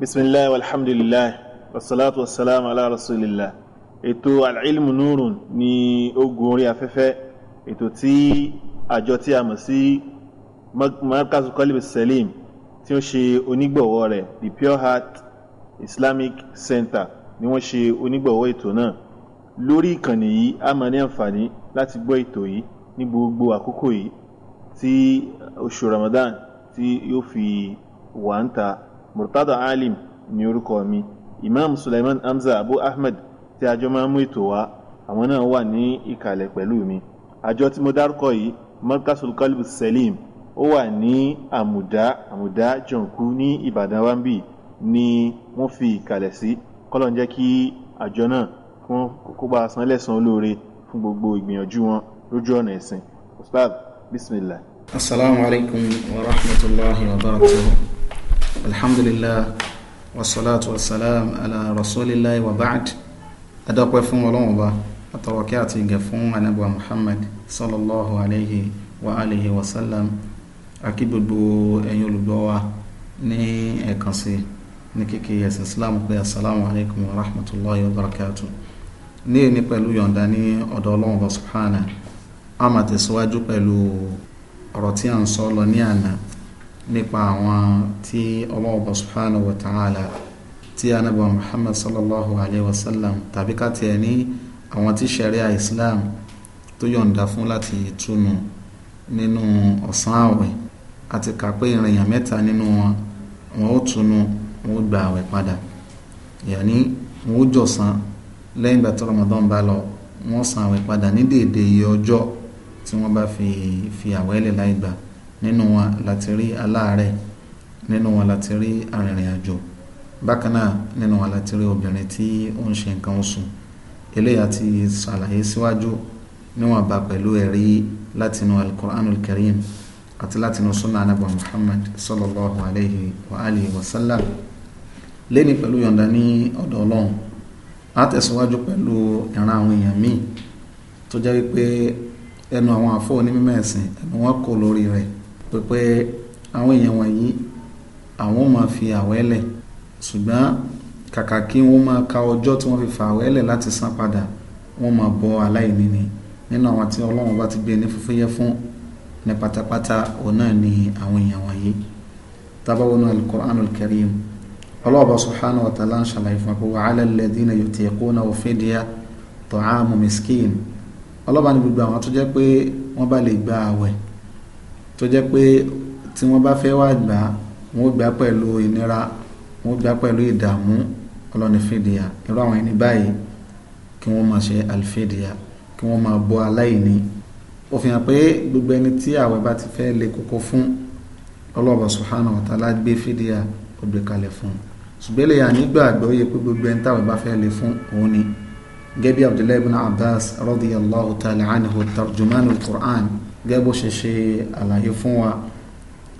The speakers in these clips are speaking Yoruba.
bisimilahi alhamdulilahi wasalaatu wasalaamu ala rasulillah ètò alilmu nurun ní ogun orí afẹ́fẹ́ ètò tí àjọ tí a mọ̀ sí markazu kalibu salim tí ó ṣe onígbọ̀wọ́ rẹ̀ the pure heart islamic center ni wọ́n ṣe onígbọ̀wọ́ ètò náà lórí ìkànnì yìí a máa ní àǹfààní láti gbọ́ ètò yìí ní gbogbo àkókò yìí tí oṣù ramadan tí yóò fi wà ń ta murtada alim ni orúkọ mi imam suleiman hamza abu ahmed tí àjọ máa ń mú ètò wá àwọn náà wà ní ìkàlẹ̀ pẹ̀lú mi àjọ tí mo dárúkọ yìí markasul kalib selim ó wà ní àmùdá àmùdá jọǹkú ní ìbàdàn wambi ni wọ́n fi ìkàlẹ̀ sí kọ́lọ̀ ń jẹ́ kí àjọ náà kí wọ́n san lẹ́sàn-án olóore fún gbogbo ìgbìyànjú wọn lójú ọ̀nà ẹ̀sìn ustaz bismillah. asalaamualeykum wa rahmatulahi wa barakatuhu alhamdulillah wasalaatu wasalaam ala rasulillahi wa ba'd adọ́pẹ́ fún ọlọ́run ọba àtọwọ́kẹ́ àti ìgẹ̀ fún anábọ̀ muhammad sallallahu alayhi wa alihi wa sallam akí gbogbo ẹ̀yin olùgbọ́ wa ní ẹ̀kan sí ní kíkí ẹ̀sìn islam pé asalaamu alaykum wa rahmatulahi wa barakatuh ní èmi pẹ̀lú yọ̀ǹda ní ọ̀dọ̀ ọlọ́run ọba subhanahu a máa tẹ̀síwájú pẹ̀lú tí a ń sọ lọ ní àná nípa àwọn tí ọlọ́ọ̀bọ̀ subhanahu wa ta'ala tí anábọ̀ muhammad sallallahu alayhi wa sallam tàbí ká tiẹ̀ ní àwọn tí sharia islam tó yọ̀ǹda fún láti túnu nínú ọ̀sán àwẹ̀ àti kà pé ìrìnyàn mẹ́ta nínú wọn wọn ó túnu wọn ó gba àwẹ̀ padà yàní wọn ó jọ̀sán lẹ́yìn ìgbà tí ramadan bá lọ wọn ó san àwẹ̀ padà ní déédéé ọjọ́ tí wọ́n bá fi fi àwẹ̀ lẹ̀ láì gbà nínú wọn láti rí aláàárẹ̀ nínú wọn láti rí arìnrìn àjò bákan náà nínú wọn láti rí obìnrin tí ó ń ṣe nǹkan oṣù eléyà ti ṣàlàyé síwájú níwọ̀n bá pẹ̀lú ẹ̀rí látinú al-Qur'anul Karim àti látinú sunna anabu Muhammad sallallahu alayhi wa alihi wa sallam lẹ́ni pẹ̀lú yọ̀ǹda ní ọ̀dọ̀ ọlọ́run a tẹ̀síwájú pẹ̀lú ìran àwọn èèyàn míì tó jẹ́ wípé ẹnu àwọn àfọ́ onímọ̀ ẹ̀sìn ẹnu wọn kò lórí rẹ̀ pípẹ́ àwọn èèyàn wọ̀nyí àwọn ò máa fi àwẹ́lẹ̀ ṣùgbọ́n kàkà kí wọ́n máa ka ọjọ́ tí wọ́n fi fa àwẹ́lẹ̀ láti san padà wọ́n máa bọ́ aláìní ni nínú àwọn tí ọlọ́run bá ti gbé ní fúnfúnyẹ́ fún ní pátápátá òun náà ni àwọn èèyàn wọ̀nyí tábàwọn al-Qur'an al-Karim ọlọ́ọ̀bá subhanahu wa ń ṣàlàyé fún wa ala alladhina yutiqunahu fidya ta'amu miskin ọlọ́ọ̀bá ní gbogbo àwọn tó pé wọ́n bá lè gba àwẹ̀ tó jẹ́ pé tí wọ́n bá fẹ́ wá gbà wọ́n gbà pẹ̀lú ìnira wọ́n gbà pẹ̀lú ìdààmú ọlọ́ni fìdíyà irú àwọn ẹni báyìí kí wọ́n máa ṣe àlùfìdíyà kí wọ́n máa bọ́ aláìní ó fi hàn pé gbogbo ẹni tí àwẹ̀ bá ti fẹ́ le koko fún ọlọ́ọ̀bà subhanahu wa ta'ala gbé fìdíyà ó gbé kalẹ̀ fún ṣùgbọ́n lè yà àgbọ́yé pé gbogbo ẹni táwẹ̀ bá fẹ́ le fún òun ni gẹ́bí abdullahi ibn abbas radiyallahu ta'ala anhu tarjumanu quran gẹ́gẹ́ bó ṣe ṣe àlàyé fún wa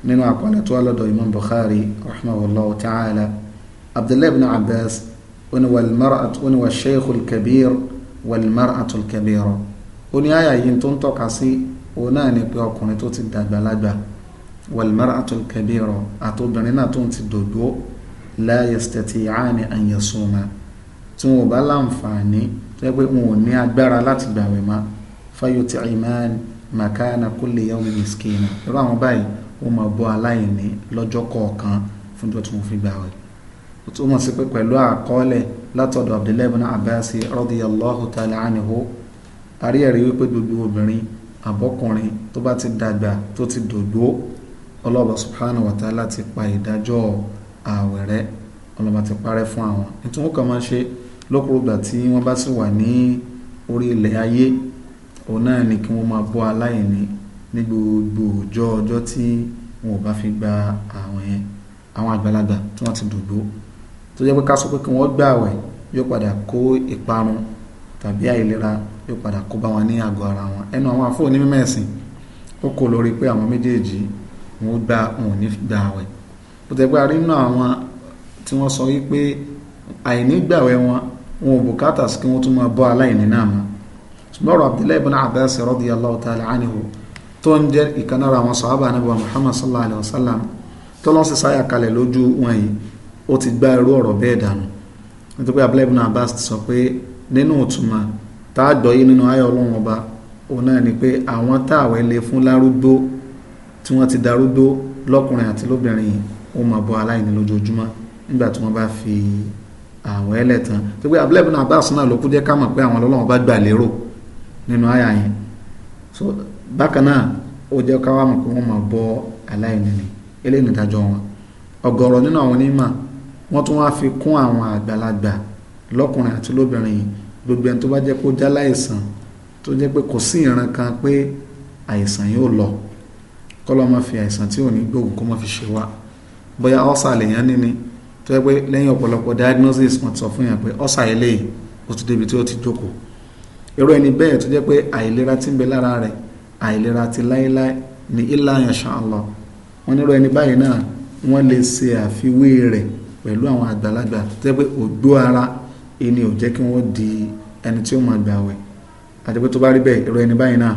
nínú àpọ̀lẹ̀ tó wà lọ́dọ̀ imam bukhari rahimahullah ta'ala abdullahi ibn abbas oní wal mar'atu oní wal sheikhul kabir wal mar'atul kabira oní àyà yìí tó ń tọ́ka sí òun náà ni pé ọkùnrin tó ti dàgbàlagbà wal mar'atul kabira àti náà tó ń ti dòdó la yastati'ani an yasuma tí wọn ò bá láǹfààní tó yẹ pé wọn ò ní agbára láti gbàwẹ̀ mọ́ fayutiman makana kulli yawmi miskina irú àwọn báyìí wọ́n máa bọ́ aláìní lọ́jọ́ kọ̀ọ̀kan fún tó tún fi gbà wẹ̀ ó tún mọ̀ sí pé pẹ̀lú àkọọ́lẹ̀ látọ̀dọ̀ abdullahi ibn abbas radiyallahu ta'ala anhu arí ẹ̀rí wípé gbogbo obìnrin àbọ́kùnrin tó bá ti dàgbà tó ti dògbó ọlọ́ba subhanahu wa ta'ala ti pa ìdájọ́ ààwẹ̀ rẹ̀ ọlọ́ba ti parẹ́ fún àwọn nítorí wọn kàn máa ṣe lókùrúgbà tí wọ́n bá sì wà ní orí ilẹ̀ ayé òun náà ni kí wọ́n máa bọ́ aláìní ní gbogbo ọjọ́ ọjọ́ tí wọn ò bá fi gba àwọn yẹn àwọn àgbàlagbà tí wọ́n ti dògbó tó jẹ́ pé ká sọ pé kí wọ́n gbààwẹ̀ yóò padà kó ìparun tàbí àìlera yóò padà kó bá wọn ní àgọ́ ara wọn ẹnu àwọn àfọ onímọ̀ ẹ̀sìn ó kò lórí pé àwọn méjèèjì wọn ó gba wọn ò ní gbààwẹ̀ bó tẹ́ pé a àwọn tí wọ́n sọ wípé àìnígbààwẹ̀ wọn wọn ò bùkátà sí kí wọ́n tún máa bọ́ aláìní náà mọ́ sùgbọ́rọ̀ abdullahi ibn abbas radiyallahu ta'ala anhu tó ń jẹ́ ìkan lára àwọn sàhábà ànábì wa muhammad sallallahu alayhi wa sallam tó lọ́n sì sáyà kalẹ̀ lójú wọn yìí ó ti gbá irú ọ̀rọ̀ bẹ́ẹ̀ dànù nítorí pé abdullahi ibn abbas ti sọ pé nínú ìtumọ̀ tá a gbọ́ yìí nínú ayé ọlọ́run ọba òun náà ni pé àwọn táàwẹ̀ lè fún lárúgbó tí wọ́n ti darúgbó lọ́kùnrin àti lóbìnrin yìí ó máa bọ́ aláìní lójoojúmọ́ nígbà tí wọ́n bá fi àwẹ̀ ẹlẹ́tàn tó pé abdullahi ibn abbas náà ló kú jẹ́ ká mọ̀ pé àwọn ọlọ́run ọba gbà lérò nínú àyà yẹn so bákan náà ó jẹ́ káwá mọ̀ pé wọ́n máa bọ́ aláìní ni eléyìí ìdájọ́ wọn ọ̀gọ̀rọ̀ nínú àwọn onímọ̀ wọ́n tún wá fi kún àwọn àgbàlagbà lọ́kùnrin àti lóbìnrin gbogbo ẹni tó bá jẹ́ pé ó já láìsàn tó jẹ́ pé kò sí ìran kan pé àìsàn yóò lọ kọ́lọ́ máa fi àìsàn tí ò ní gbóògùn kó máa fi ṣe wá bóyá ọ́sà lèèyàn ní tó yẹ pé lẹ́yìn ọ̀pọ̀lọpọ̀ diagnosis wọ́n ti sọ fún yàn pé ọ́sà eléyìí ó ti débi tí ó ti jókòó irú ẹni bẹ́ẹ̀ tó jẹ́ pé àìlera ti ń bẹ lára rẹ̀ àìlera ti láéláé ní ilá insha Allah wọn nírú ẹni báyìí náà wọ́n lè ṣe àfiwé rẹ̀ pẹ̀lú àwọn àgbàlagbà tó jẹ́ pé ògbó ara ẹni ò jẹ́ kí wọ́n di ẹni tí ó máa gbà wẹ̀ àti pé tó bá rí bẹ́ẹ̀ irú ẹni báyìí náà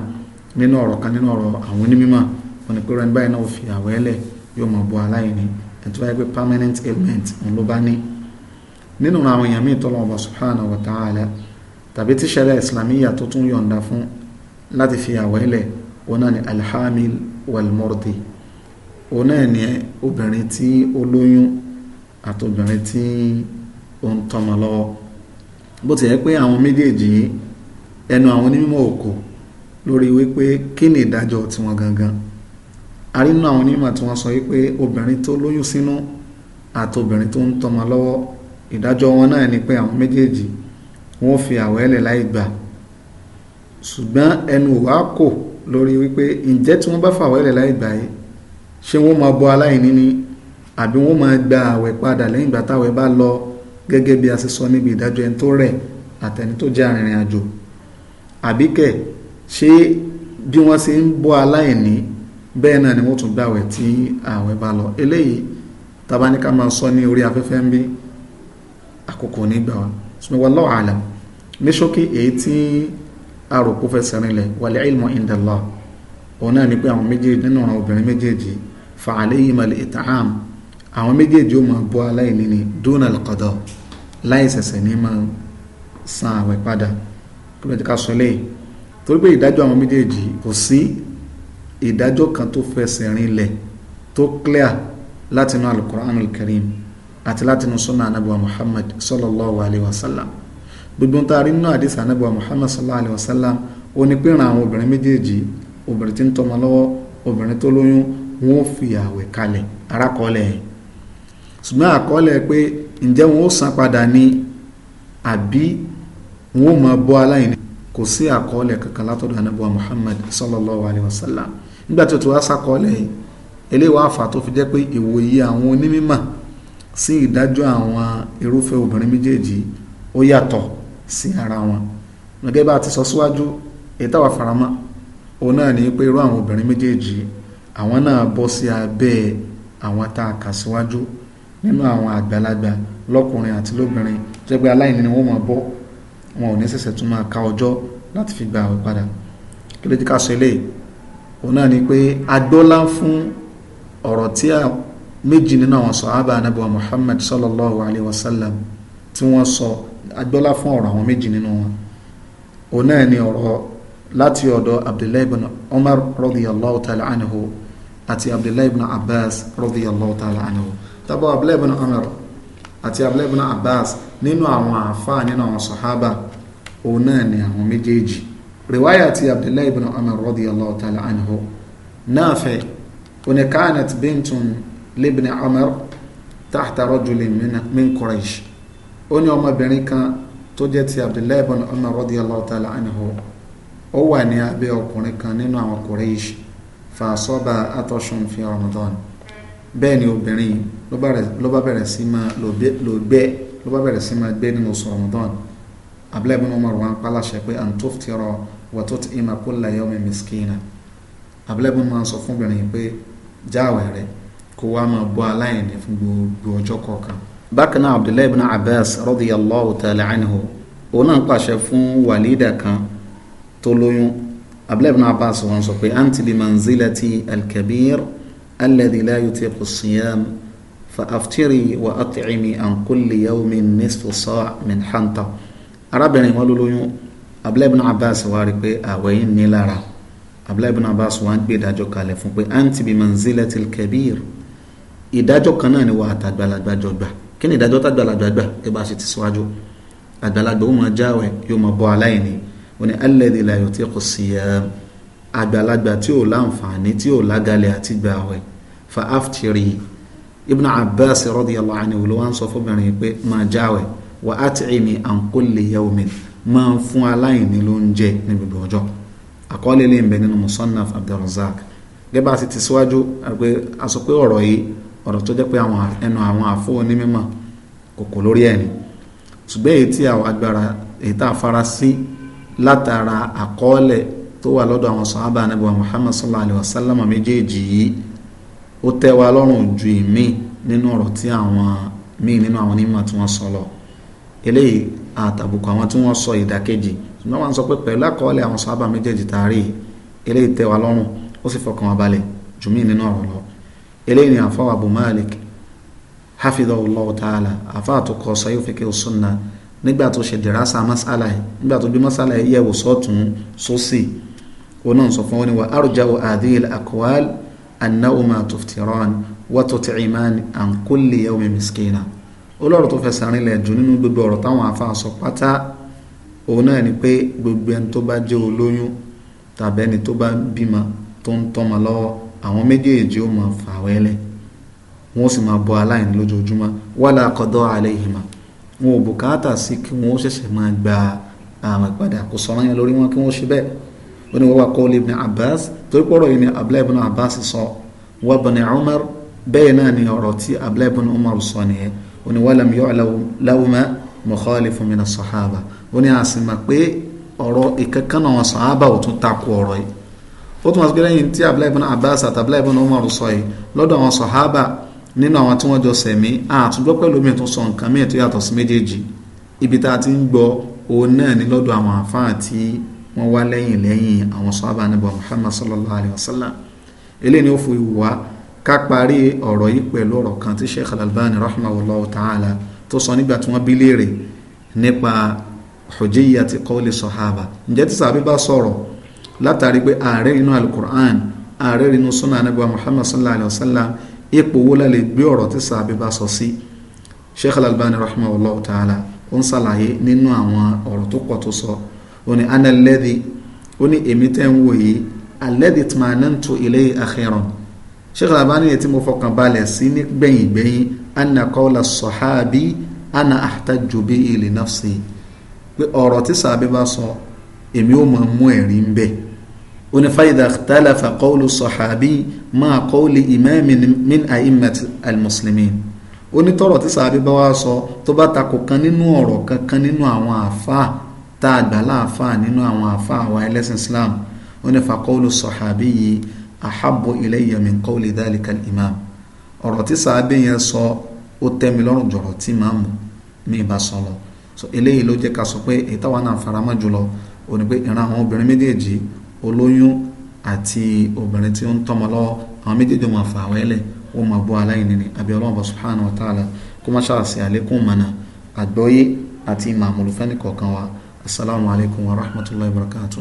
nínú ọ̀rọ̀ kan nínú ọ̀rọ̀ àwọn onímọ̀ wọn ni pé irú ẹni báyìí náà ò fi àwẹ̀ yóò máa bọ́ aláìní ẹni tó pé permanent ailment òun ló bá ní nínú àwọn èèyàn míì tọ́lọ́ ọba subhanahu wa ta'ala tàbí tí ṣẹlẹ̀ islamiyya tó tún yọ̀ǹda fún láti fi àwẹ̀ lẹ̀ ni alhamil walmurdi òun náà ni obìnrin tí ó lóyún àti obìnrin tí ó ń tọ́mọ lọ́wọ́ bó ti yẹ pé àwọn méjèèjì yìí ẹnu àwọn onímọ̀ òkò lórí wípé kí ni ìdájọ́ tiwọn gangan a rí nínú àwọn onímọ̀ tí wọ́n sọ wípé obìnrin tó lóyún sínú àti tó ń tọ́mọ lọ́wọ́ ìdájọ́ wọn náà ni pé àwọn méjèèjì wọ́n fi àwẹ́lẹ̀ láì gbà ṣùgbọ́n ẹnu wa kò lórí wípé ǹjẹ́ tí wọ́n bá fà àwẹ́lẹ̀ láì gbà yìí ṣé wọ́n máa bọ aláìní ni àbí wọ́n máa gba àwẹ̀ padà lẹ́yìn ìgbà táwẹ̀ bá lọ gẹ́gẹ́ bí a ṣe sọ níbi ìdájọ́ ẹni tó rẹ̀ àtẹni tó jẹ́ arìnrìn àjò àbí kẹ̀ ṣé bí wọ́n ṣe ń bọ́ aláìní bẹ́ẹ̀ náà ni wọ́n tún gbàwẹ̀ tí àwẹ̀ bá lọ eléyìí tabaníkà máa sọ ní orí afẹ́fẹ́ ń bí àkókò nígbà wa sùnmọ́ wallahu alam ní ṣókí èyí tí àròkú fẹsẹ̀ rinlẹ̀ wàlẹ̀ ilmu indala òun náà ni pé àwọn méjèèjì nínú àwọn obìnrin méjèèjì fàálẹ́yìn malẹ̀ ìtàhàm àwọn méjèèjì ó máa bọ́ aláìní ni dúnà lọ́kọ̀dọ̀ láìsẹ̀sẹ̀ ní máa san àwẹ̀ padà kí ló ti ká sọ léyìí torí pé ìdájọ́ àwọn méjèèjì kò sí ìdájọ́ kan tó fẹsẹ̀ rinlẹ̀ tó clear látinú alukur'an alkarim àti látinú sunna anabi muhammad sallallahu alayhi wa sallam gbogbo ń taari nínú àdìsí anábìwá muhammad sallallahu alayhi wa sallam ó ní pé ran àwọn obìnrin méjèèjì obìnrin tí ń tọmọ lọ́wọ́ obìnrin tó lóyún wọn ò fi àwẹ̀ kalẹ̀ arákọọ́lẹ̀ yẹn ṣùgbọ́n àkọọ́lẹ̀ pé ǹjẹ́ wọn ó san padà ní àbí wọn ò máa bọ́ aláìní kò sí àkọọ́lẹ̀ kankan látọ̀dọ̀ anábìwá muhammad sallallahu alayhi wa sallam nígbà tó ti wá sàkọọ́lẹ̀ yìí eléyìí wá fà tó fi jẹ́ pé ìwòye àwọn onímọ̀ sí ìdájọ́ àwọn irúfẹ́ obìnrin méjèèjì ó yàtọ̀ sí ara wọn gẹ́gẹ́ bá a ti sọ síwájú èyí táwa faramọ́ òun náà ní pé irú àwọn obìnrin méjèèjì àwọn náà bọ́ sí abẹ́ àwọn tá a kà síwájú nínú àwọn àgbàlagbà lọ́kùnrin àti lóbìnrin jẹ́ pé aláìní ni wọ́n máa bọ́ wọn ò ní ṣẹ̀ṣẹ̀ tún máa ka ọjọ́ láti fi gba àwẹ̀ padà kí ló dé ká sọ eléyìí òun náà ni pé agbọ́lá fún ọ̀rọ̀ tí a méjì nínú àwọn sọ̀hábà anábọ̀ Muhammad sallallahu alayhi wa sallam tí wọ́n sọ so, agbọ́lá fún ọ̀rọ̀ àwọn méjì nínú wọn òun náà ni ọ̀rọ̀ láti ọ̀dọ̀ abdullahi ibn umar radiyallahu ta'ala anhu àti abdullahi ibn abbas radiyallahu ta'ala anhu tábọ̀ abdullahi ibn umar àti abdullahi ibn abbas nínú àwọn àfáà nínú àwọn sahaba òun náà ni àwọn méjèèjì riwaya ti abdullahi ibn umar radiyallahu ta'ala anhu nafi oníkàánat bintun libni umar tahta rajulin min quraish ó ní ọmọbìnrin kan tó jẹ́ ti abdullahi ibn umar radiyallahu ta'ala anhu ó wà ní abẹ́ ọkùnrin kan nínú àwọn Quraysh fàṣọba atọ́sùn fi Ramadan bẹ́ẹ̀ ni obìnrin ló bá bẹ̀rẹ̀ sí máa lò gbẹ́ ló bá bẹ̀rẹ̀ sí máa gbé nínú oṣù Ramadan abdullahi ibn umar wá ń pàláṣẹ pé an tuftira wa tut'ima kulla yawmin miskina abdullahi ibn umar sọ fún obìnrin pé jáwèé kó wá máa bọ́ aláìní fún gbogbo ọjọ́ kọ̀ọ̀kan bákan náà abdullahi ibn abbas radiyallahu ta'ala anhu òun náà pàṣẹ fún wàlídà kan tó lóyún abdullahi ibn abbas wọn sọ pé anti bi manzilati alkabir alladhi la yutiqu siyam fa aftiri wa at'imi an kulli yawmin nisfu sa' min hanta arábìnrin wọn ló lóyún abdullahi ibn abbas wá rí pé àwẹ̀ ní lára abdullahi ibn abbas wá gbé ìdájọ́ kalẹ̀ fún pé anti bi manzilati alkabir ìdájọ́ kan náà ni wà àtàgbàlagbà jọ gbà kí ni ìdájọ́ tá gbàlagbà gbà ẹ bá ṣe ti síwájú àgbàlagbà ó máa jáwẹ̀ yóò máa bọ́ aláìní ó ní alladhi la yutiqu siyam àgbàlagbà tí ò láǹfààní tí ò lágalẹ̀ àti gbàwẹ̀ fa aftiri ibn abbas radiyallahu anhu ló wá ń sọ fọmọbìnrin pé máa jáwẹ̀ wa at'imi an kulli yawmin máa ń fún aláìní ló ń jẹ ní gbogbo ọjọ́ àkọọ́lẹ̀ lè ń bẹ nínú musannaf abdulrazak gẹ́gẹ́ bá ti ti síwájú àgbẹ̀ àsọpé ọ̀rọ̀ yìí ọ̀rọ̀ tó jẹ́ pé ẹnu àwọn àfọ́ onímọ̀ kòkò lórí ẹ̀ ni ṣùgbọ́n èyí tí àwọn agbára èyí tá a fara sí látara àkọọ́lẹ̀ tó wà lọ́dọ̀ àwọn sàhábà Ànábì wa Muhammad sallallahu alayhi wa sallam méjèèjì yìí ó tẹ́ wa lọ́rùn ju ìmí nínú ọ̀rọ̀ tí àwọn míì nínú àwọn onímọ̀ tí wọ́n sọ lọ eléyìí àtàbùkù àwọn tí wọ́n sọ ìdàkejì ṣùgbọ́n wọ́n sọ pé pẹ̀lú àkọọ́lẹ̀ àwọn sàhábà méjèèjì tààrí eléyìí tẹ́ lọ́rùn ó sì fọkàn wa balẹ̀ jù míì nínú ọ̀rọ̀ lọ eléyìí ni àfáà abu malik hafidahu allah ta'ala àfáà tó kọ sayo fèké sunna nígbà tó ṣe dìrasa masala yìí nígbà tó bí masala yìí yẹ̀wò sọ́tún sósì ó náà sọ fún wọn ni wa arja'u adil akwal annahuma tuftiran wa tut'iman an kulli yawmin miskina olóòrò tó fẹsẹ̀ rìn lẹ̀ nínú gbogbo ọ̀rọ̀ táwọn àfáà sọ pátá òun náà ni pé gbogbo ẹni tó bá jẹ́ olóyún tàbí ẹni tó bá bímọ tó ń tọ́mọ lọ́wọ́ àwọn méjèèjì ó máa fà wẹ́lẹ̀ wọ́n sì máa bọ́ aláìní lójoojúmọ́ wala qada alayhima wọn ò bùkátà sí kí wọ́n ṣẹ̀ṣẹ̀ máa gba àwọn ìpadà kò sọ̀rọ̀ yẹn lórí wọn kí wọ́n ṣe bẹ́ẹ̀ ó ní wọ́n wá kọ́ ibn Abbas torí pọ́rọ̀ yìí ni Abdullahi ibn Abbas sọ wọ́n ibn Umar bẹ́ẹ̀ náà ni ọ̀rọ̀ tí Abdullahi ibn Umar sọ nìyẹn ó ní walam yu'lam lahuma mukhalifun mina sahaba ó ní àsìmọ̀ pé ọ̀rọ̀ ìkankan ó tún wá sí pé lẹ́yìn tí Abdullahi ibn Abbas àti Abdullahi ibn Umar sọ yìí lọ́dọ̀ àwọn sọ̀hábà nínú àwọn tí wọ́n jọ sẹ̀mí àtúndọ́ pẹ̀lú mi tó sọ nǹkan míì tó yàtọ̀ sí méjèèjì ibi tá a ti ń gbọ́ òun náà ní lọ́dọ̀ àwọn àfáà tí wọ́n wá lẹ́yìn lẹ́yìn àwọn sọ̀hábà níbo Muhammad sallallahu alayhi wa sallam eléyìí ni ó fi wá ká parí ọ̀rọ̀ yìí pẹ̀lú ọ̀rọ̀ kan tí Sheikh Al-Albani ta'ala tó sọ nígbà tí wọ́n bí léèrè nípa hujjiyati qawli sọ̀hábà ǹjẹ́ tí sàbí bá sọ̀rọ̀ látàrí pé ààrẹ inú alukur'an ààrẹ inú sunna anabi muhammad sallallahu alayhi wa sallam ipò wo la lè gbé ọ̀rọ̀ tí sàbí bá sọ sí sheikh al-albani rahimahullah ta'ala ó ń ṣàlàyé nínú àwọn ọ̀rọ̀ tó pọ̀ tó sọ ó ní ana alladhi ó ní èmi tẹ́ ń wò yìí alladhi tmanantu ilayhi akhiran sheikh al-albani yẹn tí mo fọkàn balẹ̀ sí ní gbẹ̀yìngbẹ̀yìn anna qawla as-sahabi ana ahtajju bihi li pé ọ̀rọ̀ tí sàbí bá sọ èmi ó mọ̀ mú ẹ̀rí ń bẹ́ẹ̀ ó ní fàyidà tálàfà kọ́ọ̀lù sọ̀hábí máa kọ́ọ̀lù ìmáàmì min àìmẹ̀t àlùmùsùlùmí ó ní tọ̀rọ̀ tí sàábí bá wá sọ tó bá takò kan nínú ọ̀rọ̀ kankan nínú àwọn àáfàá tá a gbà láàfàá nínú àwọn àáfàá àwa ẹlẹ́sìn islam ó ní fàkọ́ọ̀lù sọ̀hábí yìí àhábọ̀ ilayya min kọ́ọ̀lù dálíkà imam ọ̀rọ̀ tí sàábí yẹn sọ ó tẹ́ mi lọ́rùn jọ̀rọ̀ tí màmú mi ì bá sọ lọ so eléyìí ló jẹ́ ká sọ pé èyí táwọn náà faramọ́ jùlọ ó ní pé ìran àwọn obìnrin méjèèjì olóyún àti obìnrin tí ó ń tọ́mọ lọ́wọ́ àwọn méjèèjì wọn fà wẹ́lẹ̀ wọ́n máa bọ́ aláìní ni àbí ọlọ́run bá subhanahu wa ta'ala kó má ṣàṣì àlékún mọ̀nà àgbọ́yé àti màmúlùfẹ́ nìkọ̀ọ̀kan wa asalaamualeykum wa rahmatulahi wa barakatuh.